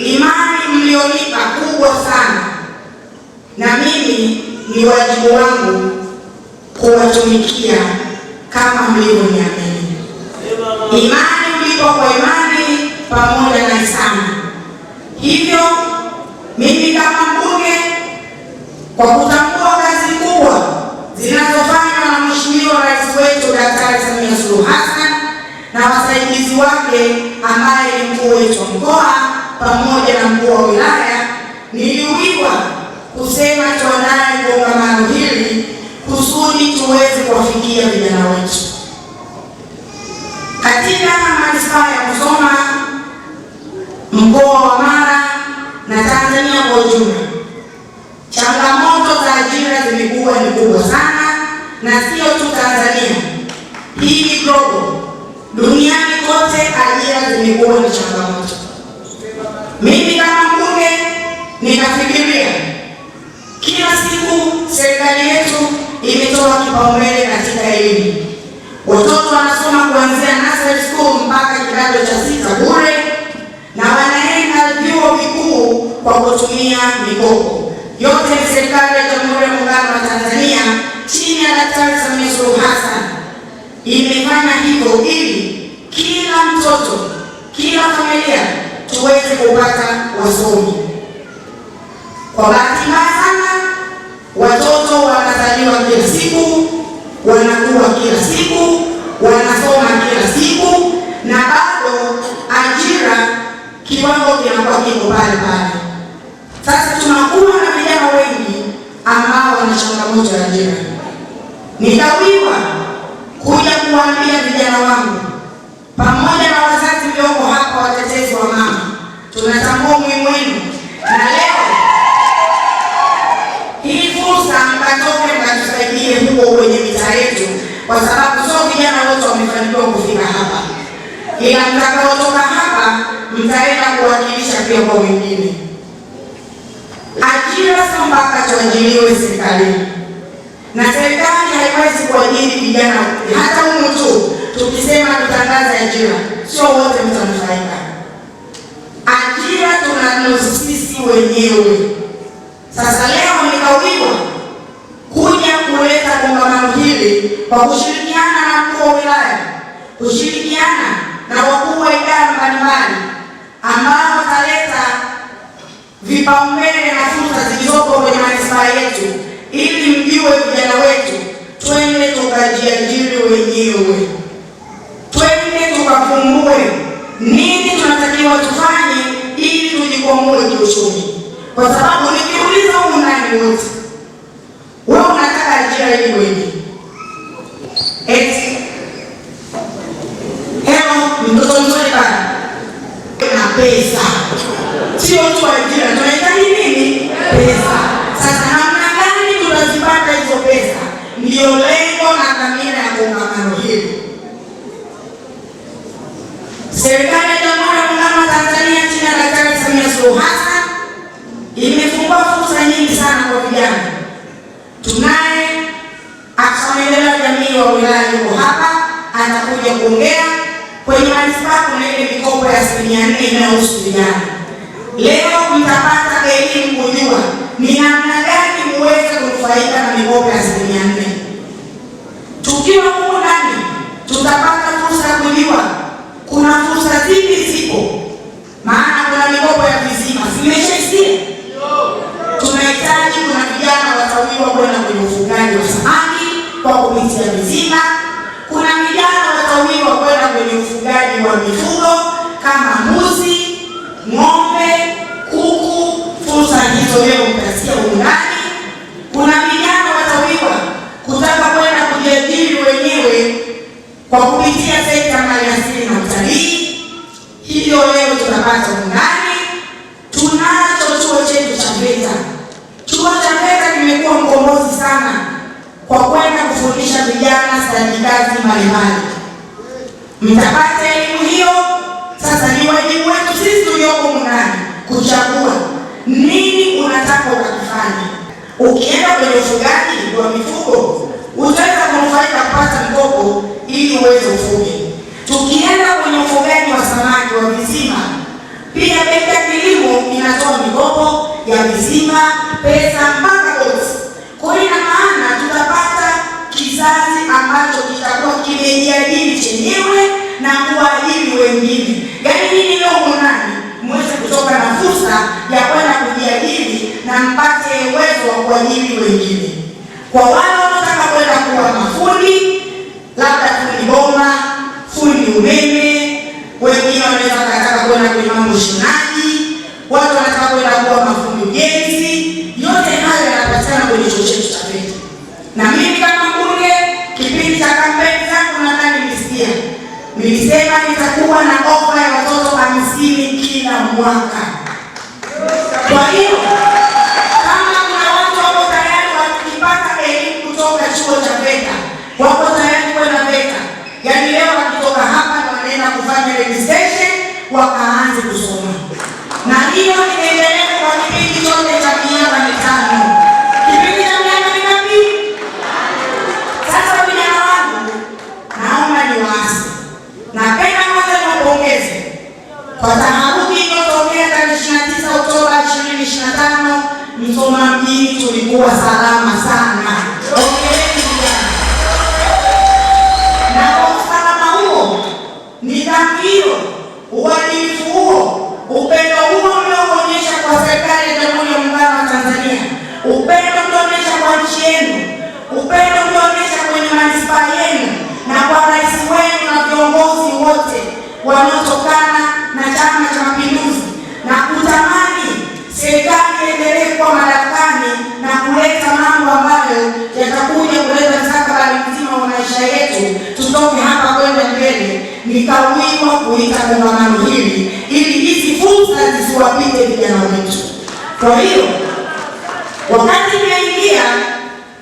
imani mlionipa kubwa sana, na mimi ni wajibu wangu kuwatumikia kama mlivyoniamini. Imani mlipo kwa imani pamoja na sana, hivyo mimi kama mbunge kwa kutambua kazi kubwa zinazofanywa na Mheshimiwa Rais wetu Daktari Samia Suluhu Hassan na wasaidizi wake ambaye ni mkuu wetu mkoa pamoja na mkuu wa wilaya, niliuliwa kusema tuandae kongamano hili kusudi tuweze kuwafikia vijana wetu katika manispaa ya Musoma, mkoa wa Mara na Tanzania kwa ujumla. Changamoto za ajira zimekuwa ni kubwa sana, na sio tu Tanzania hii ni globo, duniani kote ajira zimekuwa ni changamoto. kuitoa kipaumbele katika elimu. Watoto wanasoma kuanzia nursery school mpaka kidato cha sita bure na wanaenda vyuo vikuu kwa kutumia mikopo. Yote ni serikali ya Jamhuri ya Muungano wa Tanzania chini ya Daktari Samia Suluhu Hassan imefanya hivyo ili kila mtoto, kila familia tuweze kupata wasomi kwa bahati mbaya siku, wanakuwa kila siku, wanasoma kila siku, na bado ajira kiwango kinakuwa kiko pale pale. Sasa tunakuwa na vijana wengi ambao wana changamoto ya ajira, nitawiwa pia kwa wengine. Ajira sio mpaka tuajiriwe serikalini, na serikali haiwezi kuajiri vijana hata humu tu. Tukisema tutangaza ajira, sio wote mtanufaika. Ajira tunanusu sisi wenyewe. Sasa leo nikawiwa kuja kuleta kongamano hili kwa kushirikiana na mkuu wa wilaya, kushirikiana na wakuu wa idara mbalimbali ambao utaleta vipaumbele na fursa zilizopo kwenye manispaa yetu, ili mjue vijana wetu, twende tukajiajiri wenyewe, twende tukafungue nini tunatakiwa tufanye ili tujikwamue kiuchumi, kwa sababu nikiuliza humu ndani wote ni namna gani muweze kunufaika na mikopo ya asilimia nne. Tukiwa huko ndani, tutapata fursa ya kujua kuna fursa zipi zipo, maana kuna mikopo ya vizima zimeshaisia. Tunahitaji kuna vijana watawiwa kwenda kwenye ufugaji wa samaki kwa kupitia vizima. Kuna vijana watawiwa kwenda kwenye ufugaji wa mifugo kama mbuzi, ng'ombe kazi mbalimbali, mtapata elimu hiyo. Sasa ni wajibu wetu sisi tulioko mungani kuchagua nini unataka ukakifanya. Ukienda kwenye ufugaji wa mifugo utaweza kunufaika kupata mkopo ili uweze ufuge. Tukienda kwenye ufugaji wa samaki wa visima, pia benki ya kilimo inatoa mikopo ya visima pesa kujiajiri chenyewe na kuajiri wengine. Yaani nini lengo nani? Mweze kutoka na fursa ya kwenda kujiajiri na mpate uwezo wa kuajiri wengine. Kwa wale wanaotaka kwenda kuwa mafundi, labda fundi boma, fundi umeme, wengine wanaweza wakataka kwenda kwenye mambo shinaji, watu wanataka kwenda kuwa mafundi ujenzi. Yote hayo yanapatikana kwenye chuo chetu cha VETA na mimi itakuwa na ofa ya watoto hamsini kila mwaka. likawiwa kuita kongamano hili ili hizi fursa zisiwapite vijana wetu. Kwa hiyo wakati nimeingia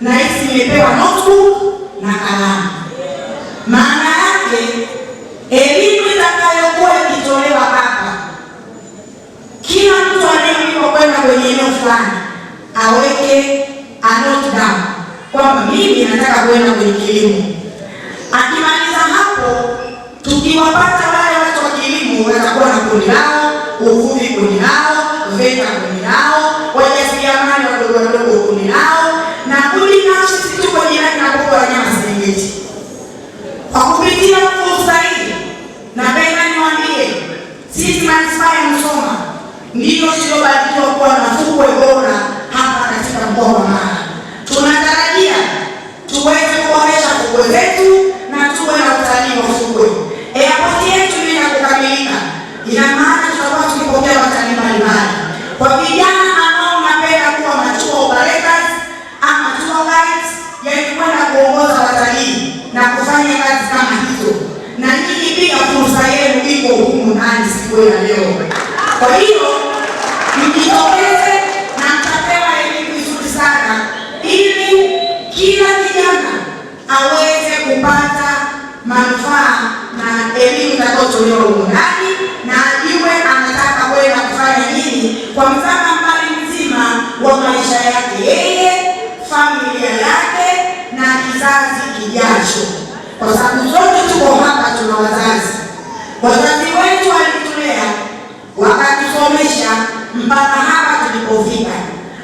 nahisi nimepewa notebook na kalamu, maana yake elimu itakayokuwa ikitolewa hapa, kila mtu anayekuwa kwenda kwenye eneo fulani aweke a note down kwamba mimi nataka kwenda kwenye kilimo Ukiwapata wale watu wa kilimo watakuwa na kundi lao, uvuvi kundi lao kupokea watalii mbalimbali. Kwa vijana ambao mnapenda kuwa machua operators ama tour guides, yaani kwenda kuongoza watalii na kufanya kazi kama hizo, na nyinyi pia fursa yenu iko humu ndani siku ya leo. Kwa hiyo mjitokeze na mtapewa elimu nzuri sana, ili kila kijana aweze kupata manufaa na elimu itakayotolewa humu ndani. kwa mstakabali mzima wa maisha yake yeye, familia yake na kizazi kijacho, kwa sababu zote tuko hapa tuna wazazi. Wazazi wetu walitulea, wakatusomesha mpaka hapa tulipofika,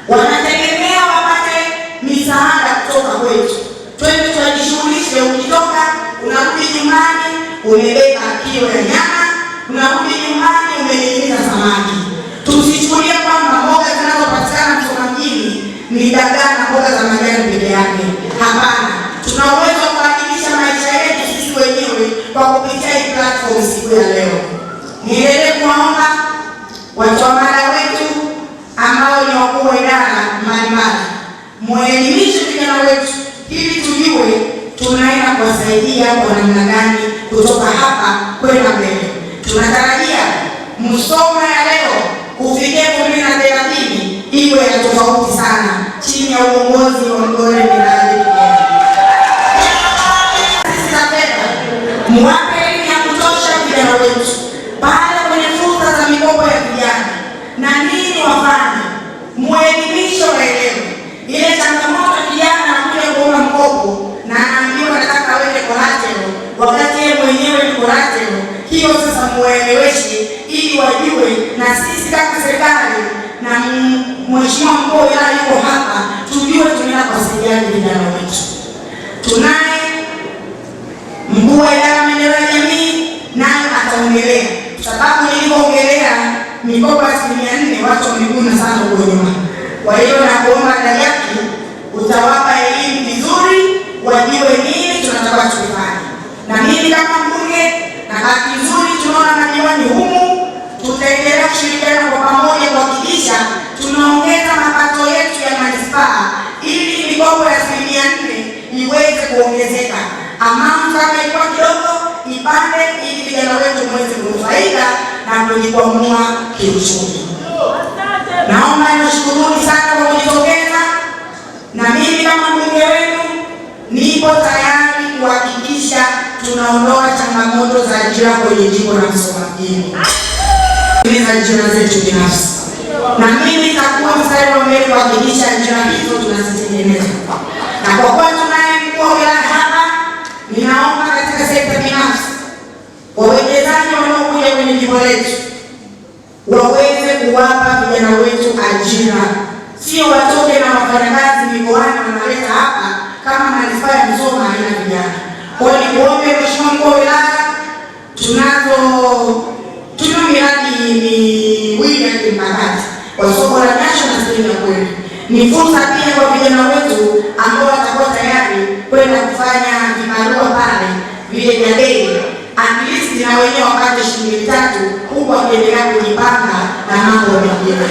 wanategemea wapate misaada kutoka kwetu. Twende twajishughulishe, ukitoka unarudi nyumbani umebeba kilo ya nyama, unarudi nyumbani umenyingiza samaki za magari peke yake. Hapana, tuna uwezo wa kubadilisha maisha yetu sisi wenyewe kwa kupitia hii platform siku ya leo. Niendelee kuwaomba watoa wetu ambao ni wakuu wa idara mbalimbali, muelimishe vijana wetu ili tujue tunaenda kuwasaidia kwa namna gani kutoka hapa kwenda mbele. Tunatarajia msoma ya leo hiyo sasa mueleweshe, ili wajue na sisi kama serikali na mheshimiwa mkuu wa wilaya yuko hapa, tujue tunaenda kuwasaidiana vijana wetu. Tunaye mkuu wa idara maendeleo ya jamii, naye ataongelea sababu nilivyoongelea mikopo asilimia nne watu wamekuna sana huko nyuma. Kwa hiyo nakuomba yake utawapa elimu vizuri, wajue nini tunataka tufanye, na mimi kama mbunge na tunaona madiwani humu, tutaendelea kushirikiana kwa pamoja kuhakikisha tunaongeza mapato yetu ya manispaa ili mikopo ya asilimia nne iweze kuongezeka, amount yake ilikuwa kidogo ipande, ili vijana wetu mweze kunufaika na kujikwamua kiuchumi. Naomba niwashukuruni sana kwa kujitokeza, na mimi kama mbunge wenu nipo tayari tunaondoa changamoto za ajira kwenye jimbo la Msoma mjini za ajira zetu binafsi, na mimi nitakuwa mstari wa mbele kuhakikisha ajira hizo tunazitengeneza, na kwa kuwa tunaye mkuu wa wilaya hapa, ninaomba katika sekta binafsi wawekezaji wanaokuja kwenye jimbo letu waweze kuwapa vijana wetu ajira, sio watoke na wafanyakazi mikoani wanaleta hapa kama manispaa ya Msoma haina vijana. kwa hiyo tunazo tunayo miradi miwili ya kimkakati kwa soko la jasho na sehemu ya kweli. Ni fursa pia kwa vijana wetu ambao watakuwa tayari kwenda kufanya vibarua pale vile vya bei least na wenyewe wapate shilingi tatu, huku wakiendelea kujipanga na mambo mengine.